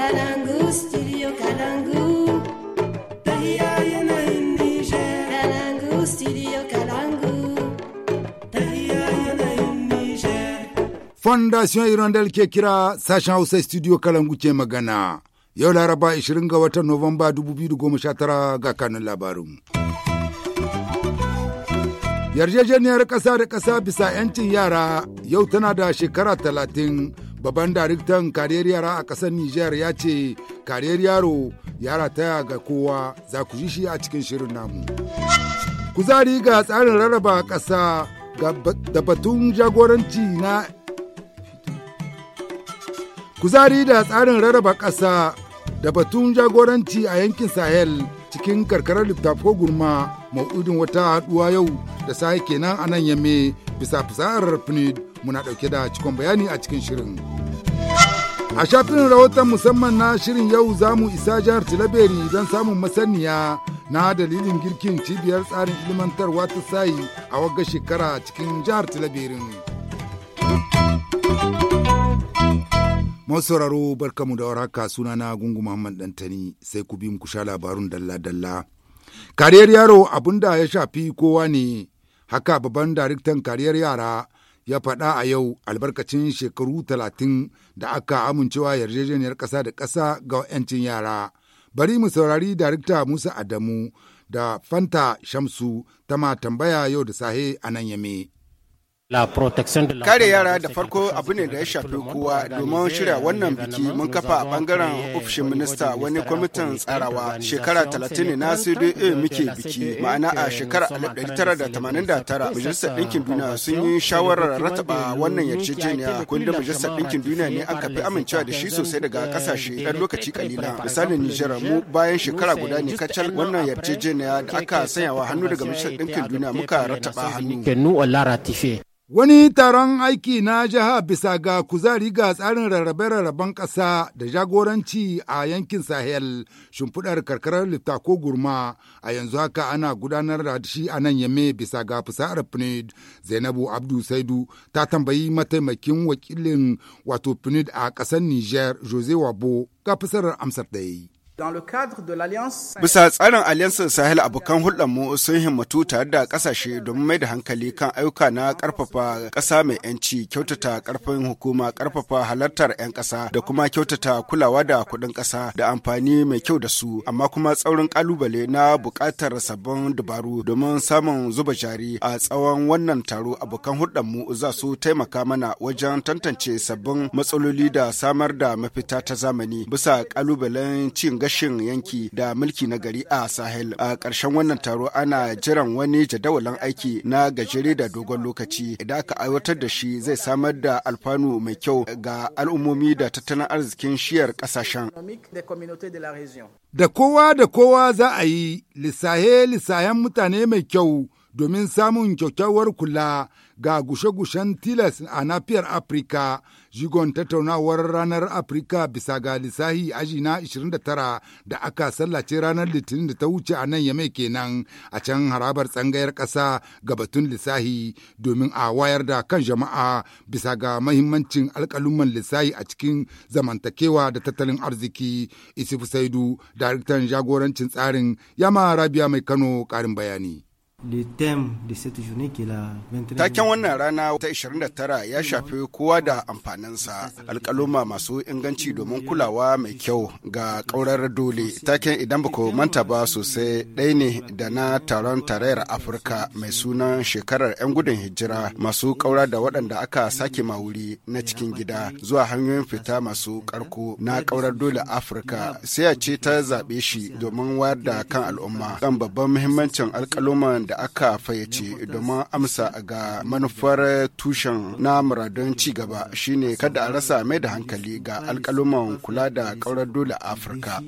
Kalangu, studio Kalangu. yanayin Kalangu, studio Kalangu. yanayin Fondation irondel ke kira sashen Hausa studio Kalangu ke magana. Yau Laraba 20 ga watan Nuwamba 2019 ga kanun labarin. yarjejeniyar ƙasa da ƙasa bisa 'yancin yara yau tana da shekara talatin Babban daraktan kariyar yara a kasar Nijar ya ce kariyar yaro yara taya ga kowa za ku ji shi a cikin shirin namu. Kuzari ga tsarin rarraba ƙasa da batun jagoranci na zari da tsarin rarraba ƙasa da batun jagoranci a yankin Sahel cikin karkarar littafo gurma ma'udin wata haɗuwa yau da sake kenan a nan yamme bisa fasahar PNUD muna ɗauke da cikon bayani a cikin shirin. A shafin rahoton musamman na shirin yau za mu isa jihar Tilaberi don samun masaniya na dalilin girkin cibiyar tsarin ilimantarwa ta sayi a wagga shekara cikin jihar Tilaberin. "Barka barkamu da warhaka na Gungu Muhammad Dantani sai ku bi mu sha labarun dalla-dalla. Kariyar yaro abin da ya shafi kowa ne, haka babban daraktan kariyar yara ya faɗa a yau albarkacin shekaru talatin da aka amincewa yarjejeniyar ƙasa da ƙasa ga 'yancin yara. Bari mu saurari Darikta Musa Adamu da Fanta Shamsu ta ma tambaya yau da sahe a nan yame. Kare yara da farko abu ne da ya shafi kowa domin shirya wannan biki mun kafa a bangaren ofishin minista wani kwamitin tsarawa shekara 30 ne na CDA e muke biki e ma'ana a shekara 1989 majalisar ɗinkin duniya sun yi shawarar rataba wannan yarjejeniya kundin majalisar ɗinkin duniya ne an kafi amincewa da shi sosai daga kasashe ɗan lokaci kalila misalin Nijar mu bayan shekara guda ne kacal wannan yarjejeniya da aka sanyawa hannu daga majalisar ɗinkin duniya muka rataba hannu. Wani taron aiki na jiha bisa ga kuzari ga tsarin rarrabe-rarraben ƙasa da jagoranci a yankin Sahel shimfiɗar karkarar ko gurma a yanzu haka ana gudanar da shi a nan yame bisa ga fusa'ar PNUD Zainabu Abdu Saidu ta tambayi mataimakin wakilin wato PNUD a ƙasar Niger Jose Wabo ga fusarar amsar da ya Bisa tsarin Aliyansar Sahel abokan hulɗarmu sun himmatu tare da ƙasashe domin mai da hankali kan ayyuka na ƙarfafa ƙasa mai 'yanci, kyautata ƙarfin hukuma, ƙarfafa halartar 'yan ƙasa da kuma kyautata kulawa da kuɗin ƙasa da amfani mai kyau da su, amma kuma tsaurin ƙalubale na buƙatar sabbin dabaru domin samun zuba jari a tsawon wannan taro abokan hulɗarmu za su taimaka mana wajen tantance sabbin matsaloli da samar da mafita ta zamani bisa ƙalubalen cin gashi rashin yanki da mulki na gari a Sahel. A ƙarshen wannan taro ana jiran wani jadawalin aiki na gajere da dogon lokaci. Idan aka aiwatar da shi zai samar da alfanu mai kyau ga al'ummomi da tattalin arzikin shiyar ƙasashen. Da kowa da kowa za a yi lissahe lissahen mutane mai kyau domin samun kyakkyawar kula ga gushe-gushen tilas a nafiyar Afirka, jigon tattaunawar ranar Afirka bisa ga lissahi aji na 29 da aka sallace ranar Litinin da ta wuce a nan yamai kenan a can harabar tsangayar ƙasa ga batun lissahi domin a wayar da kan jama'a bisa ga mahimmancin alƙaluman lissahi a cikin zamantakewa da tattalin arziki. Isifu Saidu, daraktan jagorancin tsarin Yama Rabia Mai Kano, ƙarin bayani. Taken wannan rana ta 29 ya shafi kowa da amfaninsa alkaluma masu inganci domin kulawa mai kyau ga ƙaurar dole. Taken idan baku manta ba sosai ɗaya ne da na taron tarayyar Afirka mai sunan shekarar 'yan gudun hijira masu ƙaura da waɗanda aka sake mawuri na cikin gida zuwa hanyoyin fita masu ƙarko na ƙaurar dole Afirka sai a ce ta zaɓe shi domin wayar da kan al'umma kan babban muhimmancin alkaluman da aka fayyace domin amsa ga manufar tushen na muradun ci gaba shine kada a rasa mai da hankali ga alkaluman kula da kaurar dole a Afirka.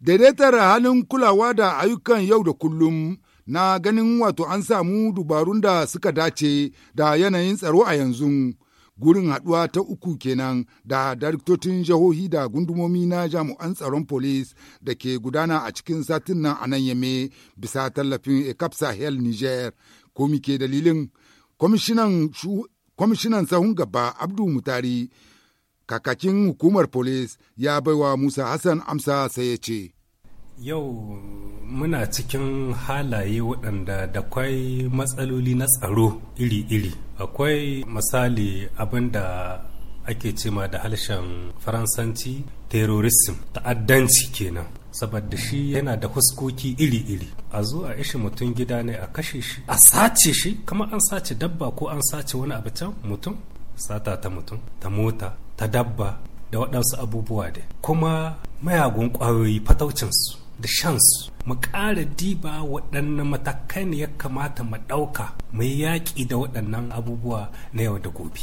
Daidaitar halin kulawa da ayyukan yau da kullum na ganin wato an samu dubarun da suka dace da yanayin tsaro a yanzu. gurin haɗuwa ta uku kenan da daraktocin jihohi da gundumomi na jami'an tsaron polis da ke gudana a cikin satin nan a nan yame bisa tallafin ecap sahel niger ko ke dalilin kwamishinan sahun gaba abdu mutari kakakin hukumar polis ya baiwa musa hassan amsa sai ya ce Yau muna cikin halaye waɗanda da kwai matsaloli na tsaro iri-iri. Akwai misali abinda ake cema da harshen faransanci terrorism ta'addanci kenan saboda shi yana da huskoki iri-iri a zo a ishi mutum gida ne a kashe shi a sace shi kama an sace dabba ko an sace wani abu can mutum sata ta mutum ta mota ta dabba da waɗansu abubuwa dai kuma mayagun ƙwayoyi fataucinsu da shans mu ƙara diba waɗannan matakai ne ya kamata mu ɗauka mu yi yaƙi da waɗannan abubuwa na yau da gobe.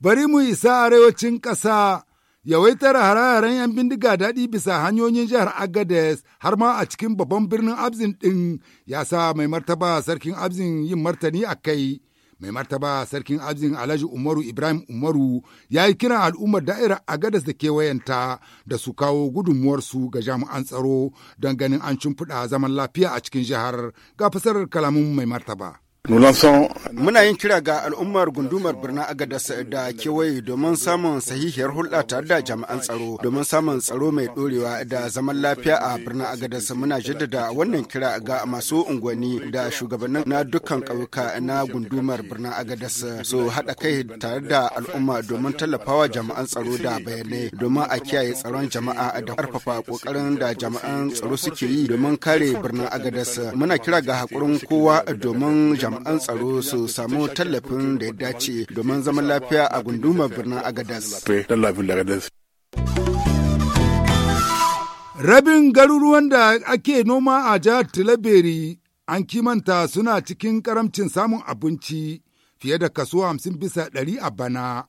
Bari mu isa arewacin ƙasa yawaitar hare-haren 'yan bindiga daɗi bisa hanyoyin jihar Agades har ma a cikin babban birnin Abzin ɗin ya sa mai martaba sarkin Abzin yin martani a kai. mai martaba sarkin abzin alhaji umaru ibrahim umaru ya yi kiran al'ummar da'ira a gadas da kewayenta da su kawo gudunmuwarsu ga jami'an tsaro don ganin an fuda zaman lafiya a cikin jihar ga fasarar kalamin mai martaba. Muna yin kira ga al'ummar gundumar birnin Agadas da kewaye domin samun sahihiyar hulɗa tare da jami'an tsaro domin samun tsaro mai ɗorewa da zaman lafiya a birnin Agadas muna jaddada wannan kira ga masu unguwanni da shugabannin na dukkan ƙauyuka na gundumar birnin Agadas su haɗa kai tare da al'umma domin tallafawa jami'an tsaro da bayanai domin a kiyaye tsaron jama'a da ƙarfafa ƙoƙarin da jami'an tsaro suke yi domin kare birnin Agadas muna kira ga haƙurin kowa domin jama'a jami'an tsaro su samu tallafin da ya dace domin zaman lafiya a gundumar birnin Agadas. Rabin garuruwan da ake noma a jihar Tilaberi an kimanta suna cikin karamcin samun abinci fiye da kaso 50 bisa ɗari a bana.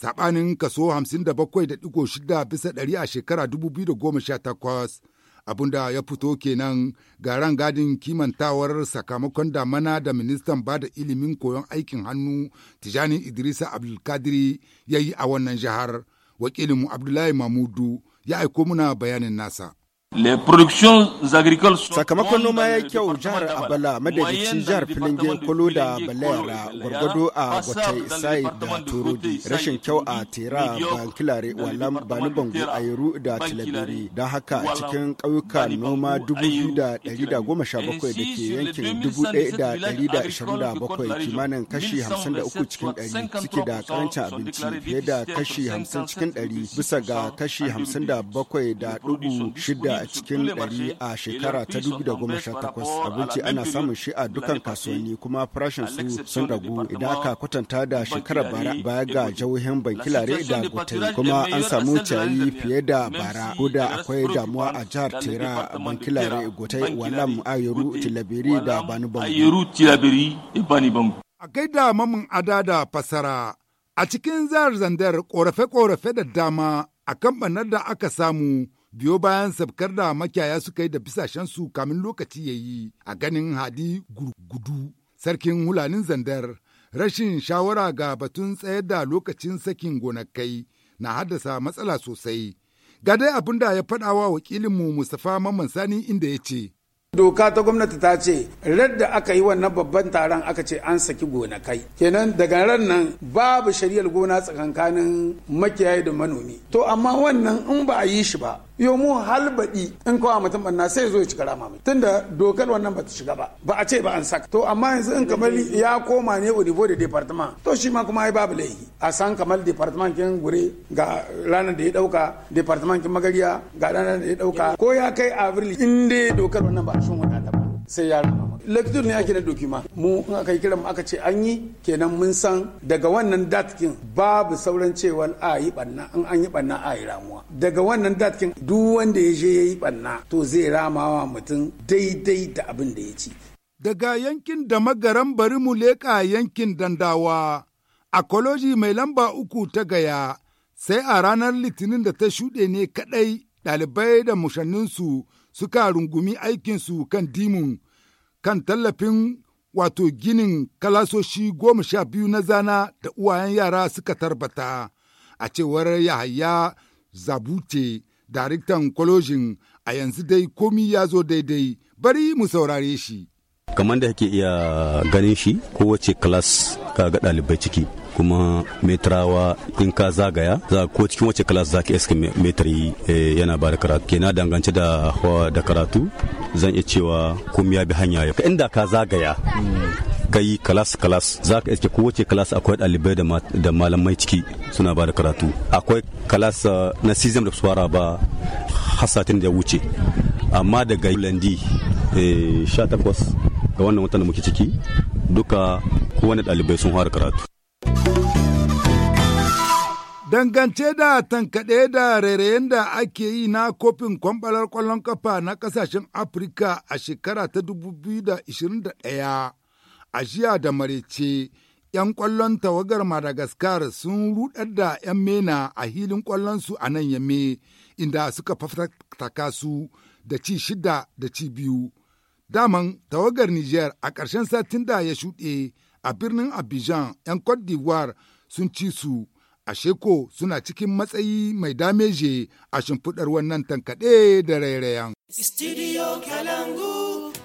Saɓanin kaso 57.6 bisa ɗari a shekara 2018 abinda ya fito kenan ga gadin kimantawar sakamakon damana da ministan ba da ilimin koyon aikin hannu tijani idrisa abdulkadiri ya yi a wannan jihar wakilinmu abdullahi mamudu ya aiko muna bayanin nasa Sakamakon noma ya kyau jihar Abala madadicin jihar Filinge Kolo da Balayara gwargwado a Gwate Sai da turudi rashin kyau a Tera Bankilare Walam Bani Bango Ayeru da Tilabiri don haka cikin ƙauyuka noma 2,117 da ke yankin 1,127 kimanin kashi 53 cikin 100 suke da karancin abinci fiye da kashi 50 cikin 100 bisa ga kashi 57 da dubu shida a cikin ɗari a shekara ta 2018 abinci ana samun shi a dukkan kasuwanni kuma farashin su sun ragu idan aka kwatanta da shekara bara baya ga jauhin bankilare da gutari kuma an samu ciyayi fiye da bara ko da akwai damuwa a jihar tera bankilare gutai walam Ayuru, tilabiri da bani bangu a gaida mamin ada da fasara a cikin zahar zandar korafe-korafe da dama a kan da aka samu biyo bayan sabkar da makiyaya suka yi da bisashensu kamin lokaci ya yi a ganin hadi gurgudu sarkin hulanin zandar rashin shawara ga batun tsayar da lokacin sakin gonakai na haddasa matsala sosai ga dai abin da ya faɗa wa wakilinmu mustapha mamman sani inda ya ce doka ta gwamnati ta ce radda aka yi wannan babban taron aka ce an saki gonakai kenan daga ran nan babu shari'ar gona tsakankanin makiyayi da manomi to amma wannan in ba a yi shi ba yo mu halbaɗi in kawo mutum banna sai zo ya cika rama mai tunda dokar wannan ba ta shiga ba ba a ce ba an saka to amma yanzu in kamar ya koma ne o niveau de departement to shi ma kuma ai babu laifi a san kamar departement kin gure ga ranar da ya dauka departement kin magariya ga ranar da ya dauka ko ya kai avril in dai dokar wannan ba a shin wadata ba sai ya rama lektur ne ake na dokima mu in aka yi kiran aka ce an yi kenan mun san daga wannan datkin babu sauran cewa a yi banna in an yi banna a yi ramuwa daga wannan datkin duk wanda ya je ya yi banna to zai ramawa mutum daidai da abin da ya ci daga yankin da magaran bari mu leka yankin dandawa a koloji mai lamba uku ta gaya sai a ranar litinin da ta shuɗe ne kaɗai ɗalibai da mushanninsu suka rungumi aikinsu kan dimun kan tallafin wato ginin kalasoshi goma sha biyu na zana da uwayen yara suka tarbata a cewar yahaya zabute daraktan kwalojin a yanzu dai komi ya zo daidai bari mu saurare shi kamar da kake iya ganin shi kowace kalas ga ɗalibai ciki kuma metrawa in ka zagaya za ko cikin wace class zaka iska metri eh, yana ba da karatu kenan dangance da da karatu zan iya cewa kuma ya bi hanya ya inda ka zagaya kai kalas kalas za ka iske wace kalas akwai dalibai da malamai ciki suna ba da karatu akwai kalas eh, na season da suwara ba hasatin da wuce amma daga landi 18 eh, ga wannan watan da muke ciki duka kowane dalibai sun fara karatu Dangance da tankaɗe da rairayen da ake yi na kofin kwamɓalar ƙwallon kafa na ƙasashen Afirka a shekara ta 2021 a jiya da marece, ‘yan ƙwallon tawagar Madagascar sun rudar da ‘yan mena a hilin ƙwallonsu a nan yame inda suka fafataka su da ci shida da ci biyu. Daman tawagar Niger a ƙarshen satin da ya shuɗe a birnin Abidjan ‘yan Cote d'Ivoire sun ci su. ashe ko suna cikin matsayi mai dameje a shimfiɗar wannan tankaɗe da rairayan. Studio Kalangu.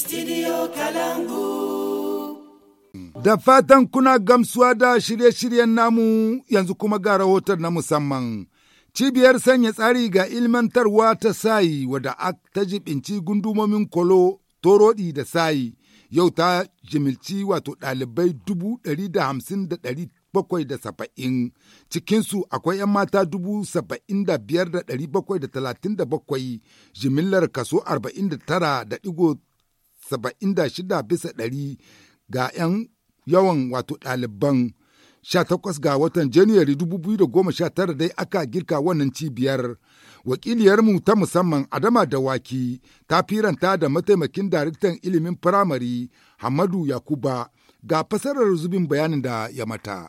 Studio Kalangu. Da fatan kuna gamsuwa da shirye-shiryen namu yanzu kuma ga rahoton na musamman. Cibiyar sanya tsari ga ilmantarwa ta sayi wadda ta jibinci gundumomin kolo, torodi da sayi yau ta jimilci wato ɗalibai dubu ɗari da hamsin da ɗari bakwai da saba'in cikinsu akwai 'yan mata dubu saba'in da biyar da ɗari bakwai da talatin da bakwai jimillar kaso arba'in da tara da digo. 76 bisa ɗari ga 'yan yawan wato ɗaliban 18 ga watan Janairu 2019 dai aka girka wannan cibiyar. Wakiliyarmu ta musamman Adama da Dawaki ta firanta da mataimakin daraktan ilimin firamare Hamadu Yakuba ga fasarar zubin bayanin da ya mata.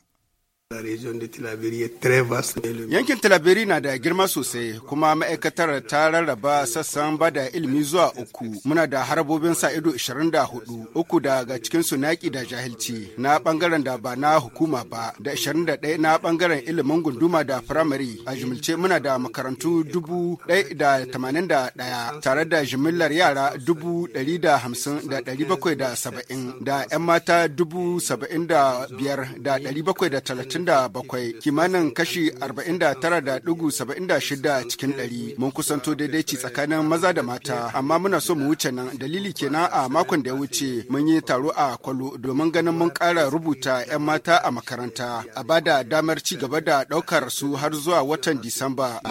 Yankin Tilaberi na da girma sosai kuma ma'aikatar ta rarraba sassan bada ilimi zuwa uku. Muna da harabobin sa ido 24, uku daga cikin su naƙi da jahilci na bangaren da ba na hukuma ba, da 21 na bangaren ilimin gunduma da firamare. A jimilce muna da makarantu 1,081 tare da jimillar yara 150,770 da 'yan mata 75,730 37 kimanin kashi 49.76 cikin 100 mun kusanto daidaici tsakanin maza da mata amma muna so mu wuce nan dalili kenan a makon da ya wuce mun yi taro a kwalo domin ganin mun kara rubuta 'yan mata a makaranta a bada damar ci gaba da ɗaukar su har zuwa watan disamba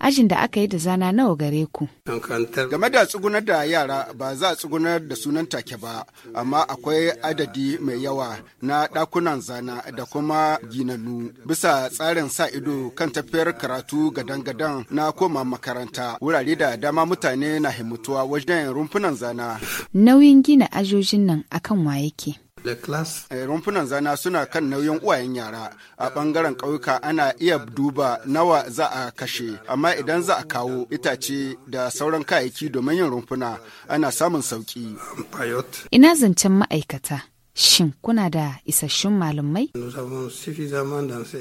ajin da aka yi da zana nawa gare ku game da tsugunar da yara ba za a tsugunar da sunan take ba amma akwai adadi mai yawa na dakunan zana bayana da kuma ginannu bisa tsarin sa ido kan tafiyar karatu gadan-gadan na koma makaranta wurare da dama mutane na himmatuwa wajen rumfunan zana nauyin gina ajojin nan akan wa yake eh, rumfunan zana suna kan nauyin uwayen yara a bangaren ƙauyuka ana iya duba nawa za a kashe amma idan za a kawo itace da sauran kayayyaki domin yin rumfuna ana samun sauki ina zancen ma'aikata Shin kuna da isasshun malamai?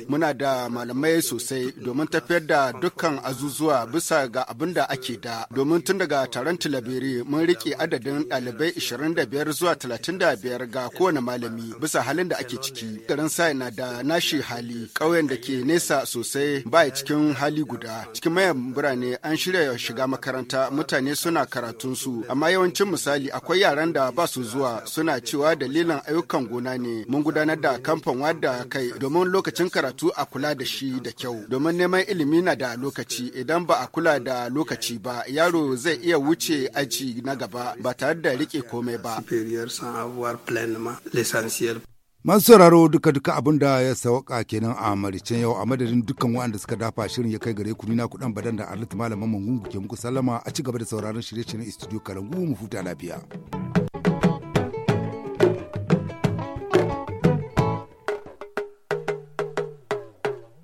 Muna da malamai sosai domin tafiyar da dukkan azuzuwa bisa ga abin da ake da. Domin tun daga taron tilabiri mun rike adadin ɗalibai 25 zuwa 35 ga kowane malami bisa halin da ake ciki. Garin sai na da nashi hali ƙauyen da ke nesa sosai ba cikin hali guda. Cikin mayan birane an shirya shiga makaranta mutane suna karatunsu amma yawancin misali akwai yaran da ba su zuwa suna cewa dalilin ayyukan gona ne mun gudanar da kamfan wadda kai domin lokacin karatu a kula da shi da kyau domin neman ilimi na da lokaci idan ba a kula da lokaci ba yaro zai iya wuce aji na gaba ba tare da rike komai ba. masu sauraro duka duka abin da ya sauka kenan a maricin yau a madadin dukkan waɗanda suka dafa shirin ya kai gare ku nina kudan badan da arlit malaman mangungu ke muku sallama a ci gaba da sauraron shirye-shiryen studio kalangu mu futa lafiya.